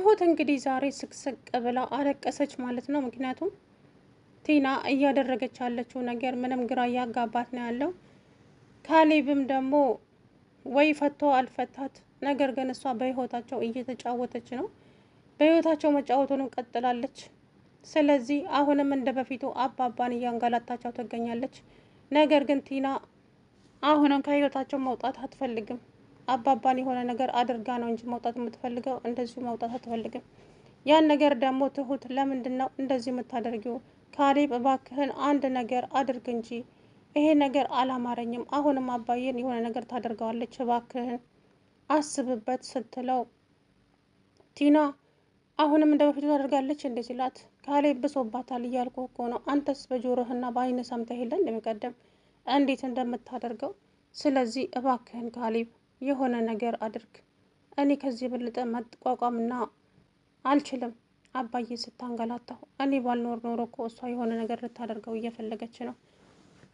ትሁት እንግዲህ ዛሬ ስቅስቅ ብላ አለቀሰች ማለት ነው። ምክንያቱም ቲና እያደረገች ያለችው ነገር ምንም ግራ እያጋባት ነው ያለው። ካሌብም ደግሞ ወይ ፈቶ አልፈታት። ነገር ግን እሷ በህይወታቸው እየተጫወተች ነው። በህይወታቸው መጫወቱንም ቀጥላለች። ስለዚህ አሁንም እንደ በፊቱ አባባን እያንገላታቸው ትገኛለች። ነገር ግን ቲና አሁንም ከህይወታቸው መውጣት አትፈልግም። አባባን የሆነ ነገር አድርጋ ነው እንጂ መውጣት የምትፈልገው እንደዚሁ መውጣት አትፈልግም። ያን ነገር ደግሞ ትሁት ለምንድን ነው እንደዚህ የምታደርጊው? ካሌብ እባክህን አንድ ነገር አድርግ እንጂ ይሄ ነገር አላማረኝም። አሁንም አባዬን የሆነ ነገር ታደርገዋለች፣ እባክህን አስብበት ስትለው ቲና አሁንም እንደ በፊቱ ታደርጋለች እንዴ ሲላት ካሌብ ብሶባታል እያልኩ እኮ ነው። አንተስ በጆሮህና በአይነ ሰምተህ የለ እንደሚቀደም እንዴት እንደምታደርገው። ስለዚህ እባክህን ካሌብ የሆነ ነገር አድርግ። እኔ ከዚህ የበለጠ መቋቋምና አልችልም። አባዬ ስታንገላታሁ እኔ ባልኖር ኖሮ እኮ እሷ የሆነ ነገር ልታደርገው እየፈለገች ነው።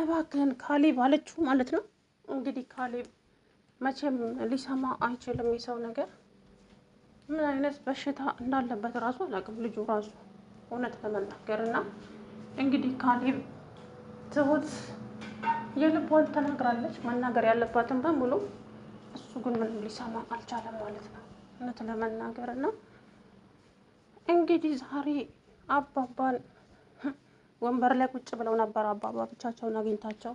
እባክህን ካሌብ አለችው ማለት ነው። እንግዲህ ካሌብ መቼም ሊሰማ አይችልም። የሰው ነገር ምን አይነት በሽታ እንዳለበት ራሱ አላውቅም ልጁ ራሱ እውነት ለመናገር እና እንግዲህ ካሌብ ትሁት የልቧን ተናግራለች። መናገር ያለባትን በሙሉ እሱ ግን ምንም ሊሰማ አልቻለም ማለት ነው። እውነት ለመናገር እና እንግዲህ ዛሬ አባባን ወንበር ላይ ቁጭ ብለው ነበር። አባባ ብቻቸውን አግኝታቸው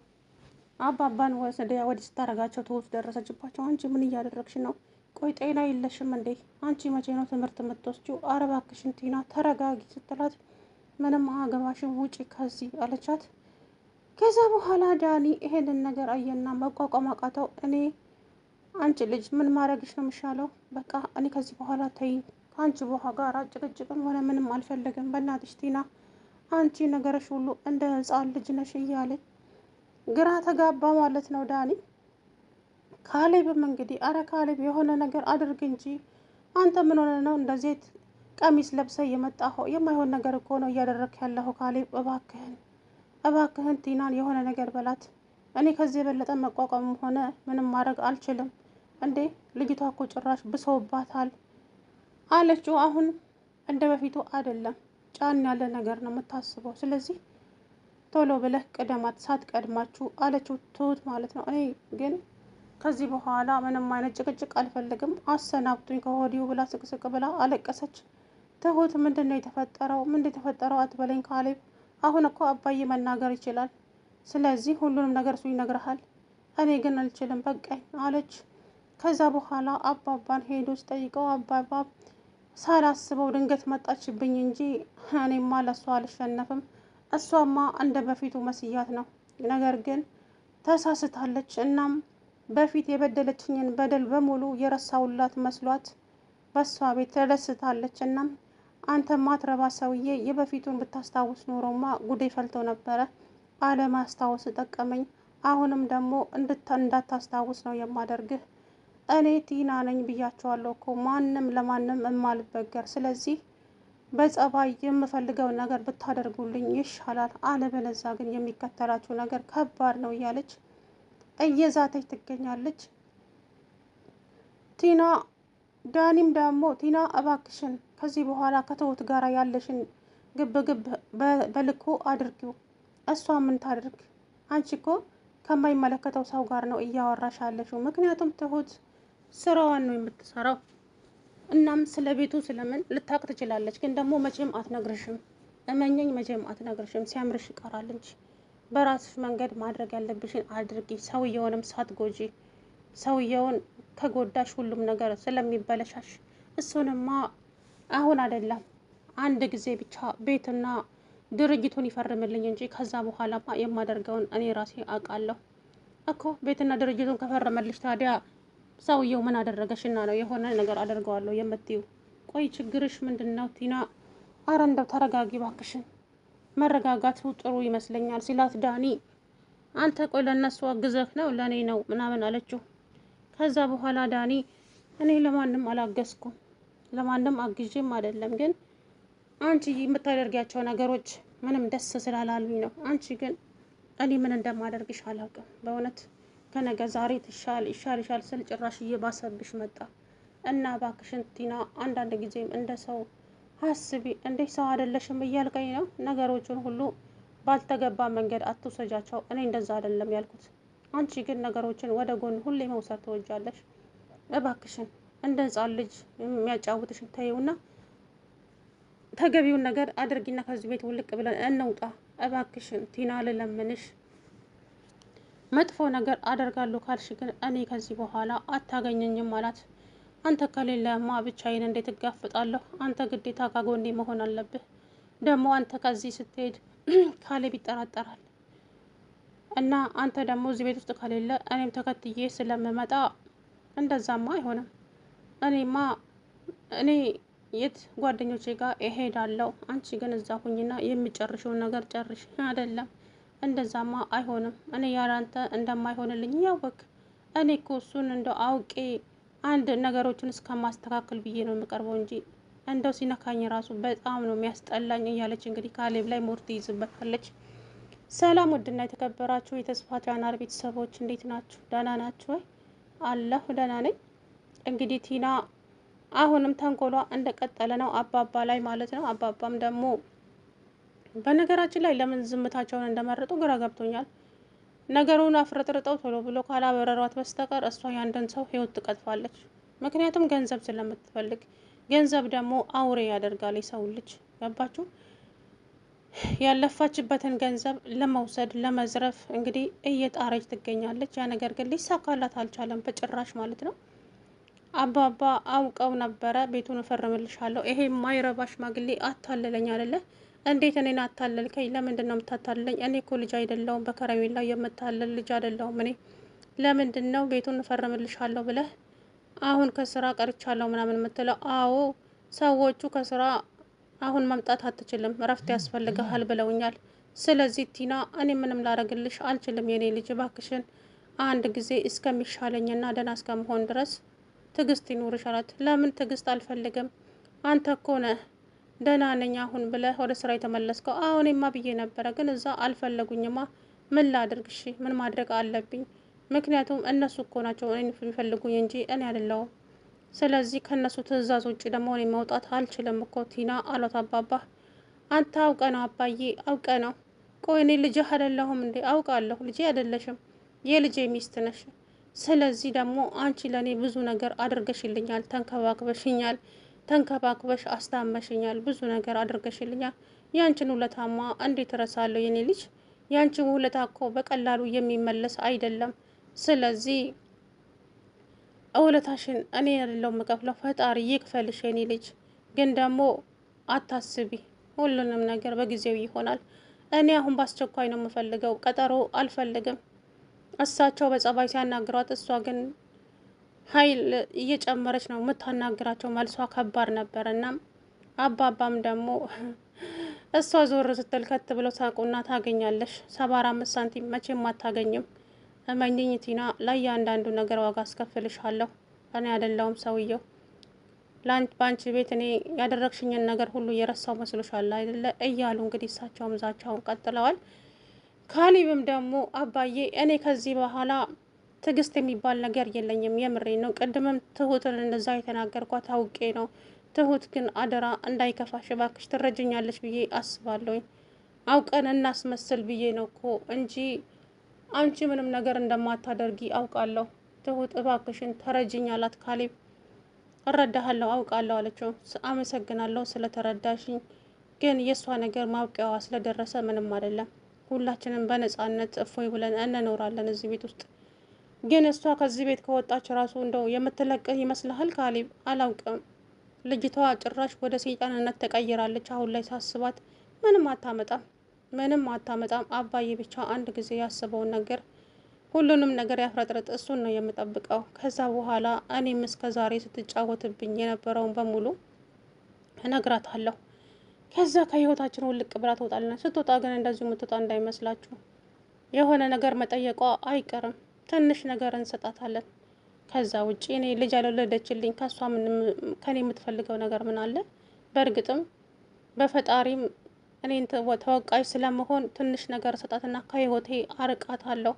አባባን ወደ ስታረጋቸው ትውልፍ ደረሰችባቸው። አንቺ ምን እያደረግሽ ነው? ቆይ ጤና የለሽም እንዴ? አንቺ መቼ ነው ትምህርት የምትወስጂው? ኧረ እባክሽን ቲና ተረጋጊ ስትላት ምንም አገባሽን ውጪ ከዚህ አለቻት። ከዛ በኋላ ዳኒ ይሄንን ነገር አየና መቋቋም አቃተው። እኔ አንቺ ልጅ ምን ማድረግሽ ነው የሚሻለው? በቃ እኔ ከዚህ በኋላ ተይ፣ ከአንቺ ውሃ ጋር ጭቅጭቅም ሆነ ምንም አልፈልግም። በእናትሽ ቲና፣ አንቺ ነገርሽ ሁሉ እንደ ህፃን ልጅ ነሽ እያለ ግራ ተጋባ ማለት ነው ዳኒ። ካሌብም እንግዲህ አረ ካሌብ የሆነ ነገር አድርግ እንጂ አንተ ምን ሆነ ነው እንደዚህ ቀሚስ ለብሰ የመጣ የማይሆን ነገር እኮ ነው እያደረግ ያለሁ። ካሌብ እባክህን እባክህን ቲናን የሆነ ነገር በላት። እኔ ከዚህ የበለጠ መቋቋምም ሆነ ምንም ማድረግ አልችልም። እንዴ ልጅቷ እኮ ጭራሽ ብሰውባታል አለችው። አሁን እንደ በፊቱ አይደለም፣ ጫን ያለ ነገር ነው የምታስበው። ስለዚህ ቶሎ ብለህ ቅደማት፣ ሳትቀድማችሁ አለችው። ትሁት ማለት ነው። እኔ ግን ከዚህ በኋላ ምንም አይነት ጭቅጭቅ አልፈልግም፣ አሰናብቱኝ ከወዲሁ ብላ ስቅስቅ ብላ አለቀሰች። ትሁት ምንድን ነው የተፈጠረው? ምንድን የተፈጠረው አትበለኝ ካሌብ። አሁን እኮ አባዬ መናገር ይችላል። ስለዚህ ሁሉንም ነገር እሱ ይነግርሃል። እኔ ግን አልችልም፣ በቃኝ አለች። ከዛ በኋላ አባባን ሄዶ ስጠይቀው አባባ ሳላስበው ድንገት መጣችብኝ እንጂ እኔማ ለእሷ አልሸነፍም። እሷማ እንደ በፊቱ መስያት ነው። ነገር ግን ተሳስታለች። እናም በፊት የበደለችኝን በደል በሙሉ የረሳውላት መስሏት በሷ ቤት ተደስታለች። እናም አንተ ማትረባ ሰውዬ የበፊቱን ብታስታውስ ኖሮማ ጉዴ ፈልቶ ነበረ። አለማስታወስ ጠቀመኝ። አሁንም ደግሞ እንዳታስታውስ ነው የማደርግህ እኔ ቲና ነኝ ብያቸዋለሁ እኮ ማንም ለማንም እማልበገር ስለዚህ በጸባይ የምፈልገው ነገር ብታደርጉልኝ ይሻላል፣ አለበለዛ ግን የሚከተላችሁ ነገር ከባድ ነው እያለች እየዛተች ትገኛለች። ቲና ዳኒም ደግሞ ቲና እባክሽን ከዚህ በኋላ ከተውት ጋራ ያለሽን ግብ በልኩ አድርጊው። እሷ ምን ታድርግ? አንቺ እኮ ከማይመለከተው ሰው ጋር ነው እያወራሽ ያለሽው። ምክንያቱም ትሁት ስራዋን ነው የምትሰራው። እናም ስለ ቤቱ ስለምን ልታቅ ትችላለች፣ ግን ደግሞ መቼም አትነግርሽም። እመኘኝ፣ መቼም አትነግርሽም። ሲያምርሽ ይቀራል እንጂ በራስሽ መንገድ ማድረግ ያለብሽን አድርጊ። ሰውየውንም ሳትጎጂ ሰውየውን ከጎዳሽ ሁሉም ነገር ስለሚበለሻሽ እሱንማ አሁን አይደለም አንድ ጊዜ ብቻ ቤትና ድርጅቱን ይፈርምልኝ እንጂ ከዛ በኋላማ የማደርገውን እኔ ራሴ አውቃለሁ እኮ። ቤትና ድርጅቱን ከፈረመልሽ ታዲያ ሰውየው ምን አደረገሽና ነው የሆነ ነገር አደርገዋለሁ የምትይው? ቆይ ችግርሽ ምንድን ነው ቲና? አረ እንደው ተረጋጊ ባክሽን፣ መረጋጋቱ ጥሩ ይመስለኛል ሲላት ዳኒ አንተ ቆይ ለእነሱ አግዘህ ነው ለእኔ ነው ምናምን አለችው። ከዛ በኋላ ዳኒ እኔ ለማንም አላገዝኩም ለማንም አግዤም አይደለም፣ ግን አንቺ የምታደርጊያቸው ነገሮች ምንም ደስ ስላላሉኝ ነው። አንቺ ግን እኔ ምን እንደማደርግሽ አላውቅም በእውነት ከነገ ዛሬ ትሻል ይሻል ይሻል ስል ጭራሽ እየባሰብሽ መጣ እና እባክሽን ቲና አንዳንድ ጊዜም እንደ ሰው አስቢ እንዴ ሰው አይደለሽም እያልከኝ ነው ነገሮቹን ሁሉ ባልተገባ መንገድ አትውሰጃቸው እኔ እንደዛ አይደለም ያልኩት አንቺ ግን ነገሮችን ወደ ጎን ሁሌ መውሰድ ትወጃለሽ እባክሽን እንደ ህፃን ልጅ የሚያጫውትሽን ተይውና ተገቢውን ነገር አድርጊና ከዚህ ቤት ውልቅ ብለን እንውጣ እባክሽን ቲና ልለምንሽ መጥፎ ነገር አደርጋለሁ ካልሽ ግን እኔ ከዚህ በኋላ አታገኘኝም አላት። አንተ ከሌለማ ብቻዬን እንዴት እጋፍጣለሁ? አንተ ግዴታ ከጎኔ መሆን አለብህ። ደግሞ አንተ ከዚህ ስትሄድ ካሌብ ይጠራጠራል እና አንተ ደግሞ እዚህ ቤት ውስጥ ከሌለ እኔም ተከትዬ ስለምመጣ እንደዛማ አይሆንም። እኔማ እኔ የት ጓደኞቼ ጋር እሄዳለሁ። አንቺ ግን እዛ ሁኝና የሚጨርሽውን ነገር ጨርሽ። አይደለም እንደዛማ አይሆንም። እኔ ያላንተ እንደማይሆንልኝ እያወቅ እኔ እኮ እሱን አውቄ አንድ ነገሮችን እስከማስተካከል ብዬ ነው የምቀርበው እንጂ እንደው ሲነካኝ ራሱ በጣም ነው የሚያስጠላኝ እያለች እንግዲህ ካሌብ ላይ ሞር ትይዝበታለች። ሰላም ውድና የተከበራችሁ የተስፋ ቻናል ቤተሰቦች እንዴት ናችሁ? ደህና ናችሁ ወይ? አለሁ ደህና ነኝ። እንግዲህ ቲና አሁንም ተንኮሏ እንደቀጠለ ነው፣ አባባ ላይ ማለት ነው። አባባም ደግሞ በነገራችን ላይ ለምን ዝምታቸውን እንደመረጡ ግራ ገብቶኛል። ነገሩን አፍረጥርጠው ቶሎ ብሎ ካላበረሯት በስተቀር እሷ ያንድን ሰው ህይወት ትቀጥፋለች። ምክንያቱም ገንዘብ ስለምትፈልግ፣ ገንዘብ ደግሞ አውሬ ያደርጋል የሰው ልጅ ገባችሁ? ያለፋችበትን ገንዘብ ለመውሰድ ለመዝረፍ እንግዲህ እየጣረች ትገኛለች። ያ ነገር ግን ሊሳካላት አልቻለም በጭራሽ ማለት ነው። አባባ አውቀው ነበረ ቤቱን እፈርምልሻለሁ፣ ይሄ ማይረባ ሽማግሌ አታለለኝ አደለ እንዴት እኔን አታለልከኝ? ለምንድን ነው የምታታልለኝ? እኔ እኮ ልጅ አይደለሁም፣ በከረሜላ የምታለል ልጅ አይደለሁም። እኔ ለምንድን ነው ቤቱን እፈርምልሻለሁ ብለህ አሁን ከስራ ቀርቻለሁ ምናምን የምትለው? አዎ ሰዎቹ ከስራ አሁን መምጣት አትችልም፣ እረፍት ያስፈልግሃል ብለውኛል። ስለዚህ ቲና እኔ ምንም ላረግልሽ አልችልም። የኔ ልጅ ባክሽን አንድ ጊዜ እስከሚሻለኝና ደህና እስከመሆን ድረስ ትግስት ይኑርሽ አላት። ለምን ትዕግስት አልፈልግም? አንተ እኮ ነህ ደህና ነኝ አሁን ብለህ ወደ ስራ የተመለስከው? አሁኔማ ብዬ ነበረ፣ ግን እዛ አልፈለጉኝማ። ምን ላድርግ? እሺ ምን ማድረግ አለብኝ? ምክንያቱም እነሱ እኮ ናቸው እኔን የሚፈልጉኝ እንጂ እኔ አይደለሁም። ስለዚህ ከእነሱ ትዕዛዝ ውጭ ደግሞ እኔ መውጣት አልችልም እኮ ቲና አሏት። አባባ አንተ አውቀ ነው አባዬ፣ አውቀ ነው። ቆይ እኔ ልጅህ አይደለሁም እንዴ? አውቃለሁ፣ ልጄ አይደለሽም፣ የልጄ ሚስት ነሽ። ስለዚህ ደግሞ አንቺ ለእኔ ብዙ ነገር አድርገሽልኛል፣ ተንከባክበሽኛል ተንከባክበሽ አስታመሽኛል፣ ብዙ ነገር አድርገሽልኛል። ያንቺን ውለታማ እንዴት እረሳለሁ የኔ ልጅ? ያንቺን ውለታ እኮ በቀላሉ የሚመለስ አይደለም። ስለዚህ እውለታሽን እኔ ያለው የምከፍለው ፈጣሪ ይክፈልሽ የኔ ልጅ። ግን ደግሞ አታስቢ፣ ሁሉንም ነገር በጊዜው ይሆናል። እኔ አሁን በአስቸኳይ ነው የምፈልገው፣ ቀጠሮ አልፈልግም። እሳቸው በጸባይ ሲያናግሯት፣ እሷ ግን ኃይል እየጨመረች ነው የምታናግራቸው። መልሷ ከባድ ነበር እና አባባም ደግሞ እሷ ዞር ስትል ከት ብለው ሳቁና ታገኛለሽ ሰባ አምስት ሳንቲም መቼም አታገኝም። እመኝኝ ቲና፣ ለእያንዳንዱ ነገር ዋጋ አስከፍልሻለሁ። እኔ አይደለሁም ሰውየው። በአንቺ ቤት እኔ ያደረግሽኝን ነገር ሁሉ የረሳው መስሎሻል አይደለ? እያሉ እንግዲህ እሳቸውም ዛቻውን ቀጥለዋል። ካሊብም ደግሞ አባዬ እኔ ከዚህ በኋላ ትዕግስት የሚባል ነገር የለኝም። የምሬ ነው። ቅድምም ትሁትን እንደዛ የተናገርኳት አውቄ ነው። ትሁት ግን አደራ እንዳይከፋሽ እባክሽ፣ ትረጅኛለች ብዬ አስባለሁኝ። አውቀን እናስመስል ብዬ ነው እኮ እንጂ አንቺ ምንም ነገር እንደማታደርጊ አውቃለሁ። ትሁት እባክሽን ተረጅኝ አላት ካሌብ። እረዳሃለሁ አውቃለሁ አለችው። አመሰግናለሁ ስለተረዳሽኝ፣ ግን የእሷ ነገር ማብቂያዋ ስለደረሰ ምንም አይደለም። ሁላችንም በነጻነት እፎይ ብለን እንኖራለን እዚህ ቤት ውስጥ ግን እሷ ከዚህ ቤት ከወጣች ራሱ እንደው የምትለቅህ ይመስልሃል ካሌብ? አላውቅም። ልጅቷ ጭራሽ ወደ ሰይጣንነት ተቀይራለች። አሁን ላይ ሳስባት ምንም አታመጣም፣ ምንም አታመጣም። አባዬ ብቻ አንድ ጊዜ ያስበውን ነገር ሁሉንም ነገር ያፍረጥረጥ። እሱን ነው የምጠብቀው። ከዛ በኋላ እኔም እስከ ዛሬ ስትጫወትብኝ የነበረውን በሙሉ እነግራታለሁ። ከዛ ከህይወታችን ውልቅ ብላ ትወጣለች። ስትወጣ ግን እንደዚሁ የምትወጣ እንዳይመስላችሁ የሆነ ነገር መጠየቋ አይቀርም። ትንሽ ነገር እንሰጣታለን። ከዛ ውጭ እኔ ልጅ አልወለደችልኝ ከሷ ከኔ የምትፈልገው ነገር ምን አለ? በእርግጥም በፈጣሪም እኔን ተወቃሽ ስለመሆን ትንሽ ነገር ሰጣትና ከህይወቴ አርቃታለሁ።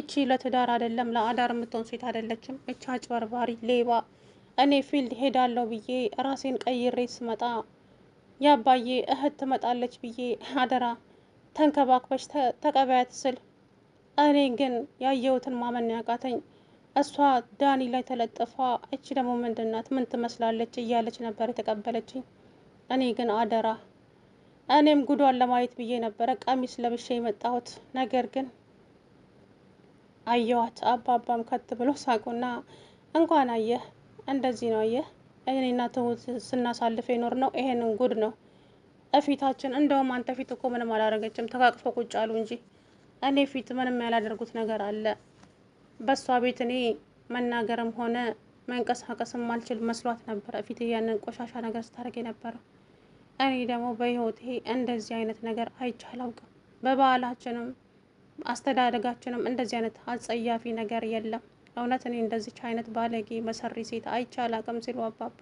እቺ ለትዳር አይደለም ለአዳር የምትሆን ሴት አይደለችም። እቺ አጭበርባሪ ሌባ። እኔ ፊልድ ሄዳለሁ ብዬ ራሴን ቀይሬ ስመጣ ያባዬ እህት ትመጣለች ብዬ አደራ ተንከባክበሽ ተቀበያት ስል እኔ ግን ያየሁትን ማመን ያቃተኝ እሷ ዳኒ ላይ ተለጥፋ እች ደግሞ ምንድናት ምን ትመስላለች እያለች ነበር የተቀበለችኝ። እኔ ግን አደራ እኔም ጉዷን ለማየት ብዬ ነበረ ቀሚስ ለብሼ የመጣሁት። ነገር ግን አየዋት። አባባም ከት ብሎ ሳቁና እንኳን አየህ፣ እንደዚህ ነው አየህ፣ እኔና ትሁት ስናሳልፍ የኖር ነው ይሄንን ጉድ ነው እፊታችን። እንደውም አንተ ፊት እኮ ምንም አላረገችም ተቃቅፎ ቁጭ አሉ እንጂ እኔ ፊት ምንም ያላደርጉት ነገር አለ። በእሷ ቤት እኔ መናገርም ሆነ መንቀሳቀስም ማልችል መስሏት ነበረ። ፊት ያንን ቆሻሻ ነገር ስታደርግ የነበረው እኔ ደግሞ በህይወቴ እንደዚህ አይነት ነገር አይቼ አላውቅም። በባህላችንም አስተዳደጋችንም እንደዚህ አይነት አጸያፊ ነገር የለም። እውነት እኔ እንደዚች አይነት ባለጌ መሰሪ ሴት አይቼ አላውቅም ሲሉ አባባ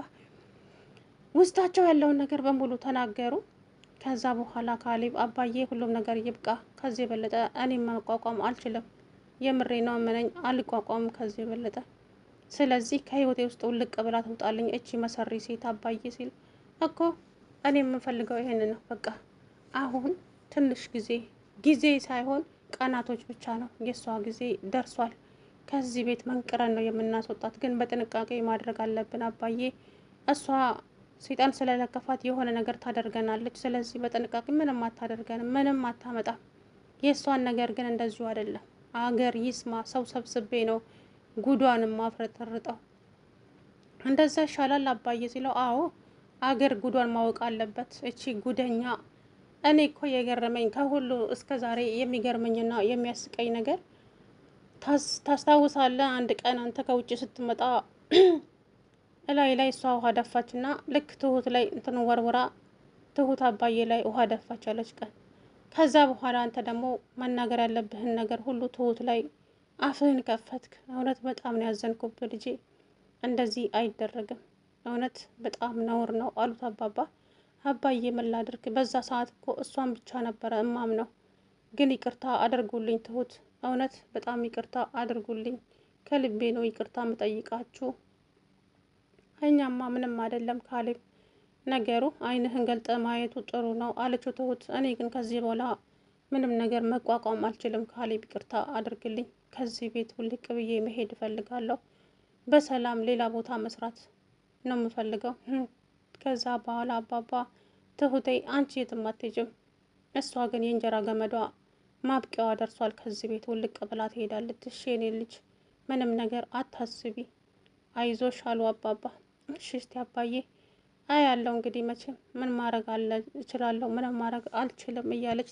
ውስጣቸው ያለውን ነገር በሙሉ ተናገሩ። ከዛ በኋላ ካሊብ አባዬ፣ ሁሉም ነገር ይብቃ፣ ከዚህ የበለጠ እኔ መቋቋም አልችልም። የምሬ ነው አመነኝ፣ አልቋቋምም ከዚህ የበለጠ ስለዚህ ከህይወቴ ውስጥ ውልቅ ብላ ትውጣልኝ እቺ መሰሪ ሴት አባዬ ሲል እኮ እኔ የምፈልገው ይሄን ነው። በቃ አሁን ትንሽ ጊዜ ጊዜ ሳይሆን ቀናቶች ብቻ ነው። የእሷ ጊዜ ደርሷል። ከዚህ ቤት መንቅረን ነው የምናስወጣት፣ ግን በጥንቃቄ ማድረግ አለብን አባዬ እሷ ሰይጣን ስለለከፋት የሆነ ነገር ታደርገናለች። ስለዚህ በጥንቃቄ ምንም አታደርገንም፣ ምንም አታመጣም። የእሷን ነገር ግን እንደዚሁ አይደለም። አገር ይስማ ሰው ሰብስቤ ነው ጉዷንም ማፍረጠርጠው እንደዛ ይሻላል አባዬ ሲለው፣ አዎ አገር ጉዷን ማወቅ አለበት። እቺ ጉደኛ። እኔ እኮ የገረመኝ ከሁሉ እስከ ዛሬ የሚገርመኝና የሚያስቀኝ ነገር ታስታውሳለህ? አንድ ቀን አንተ ከውጭ ስትመጣ እላይ ላይ እሷ ውሃ ደፋችና ልክ ትሁት ላይ እንትን ወርውራ ትሁት አባዬ ላይ ውሃ ደፋች ያለች ቀን ከዛ በኋላ አንተ ደግሞ መናገር ያለብህን ነገር ሁሉ ትሁት ላይ አፍህን ከፈትክ። እውነት በጣም ነው ያዘንኩብ ልጄ፣ እንደዚህ አይደረግም። እውነት በጣም ነውር ነው አሉት አባባ። አባዬ ምን ላድርግ? በዛ ሰዓት እኮ እሷን ብቻ ነበረ እማም ነው። ግን ይቅርታ አድርጉልኝ ትሁት፣ እውነት በጣም ይቅርታ አድርጉልኝ። ከልቤ ነው ይቅርታ ምጠይቃችሁ እኛማ ምንም አይደለም ካሌብ፣ ነገሩ አይንህን ገልጠ ማየቱ ጥሩ ነው አለችው ትሁት። እኔ ግን ከዚህ በኋላ ምንም ነገር መቋቋም አልችልም ካሌብ፣ ይቅርታ አድርግልኝ። ከዚህ ቤት ውልቅ ብዬ መሄድ እፈልጋለሁ። በሰላም ሌላ ቦታ መስራት ነው የምፈልገው። ከዛ በኋላ አባባ ትሁቴ፣ አንቺ የትም አትሄጂም። እሷ ግን የእንጀራ ገመዷ ማብቂያዋ ደርሷል። ከዚህ ቤት ውልቅ ብላ ትሄዳለች። እሺ የኔ ልጅ ምንም ነገር አታስቢ፣ አይዞሽ አሉ አባባ። እሺ እስቲ አባዬ አያለው እንግዲህ መቼም ምን ማድረግ አለ እችላለሁ ምንም ማድረግ አልችልም እያለች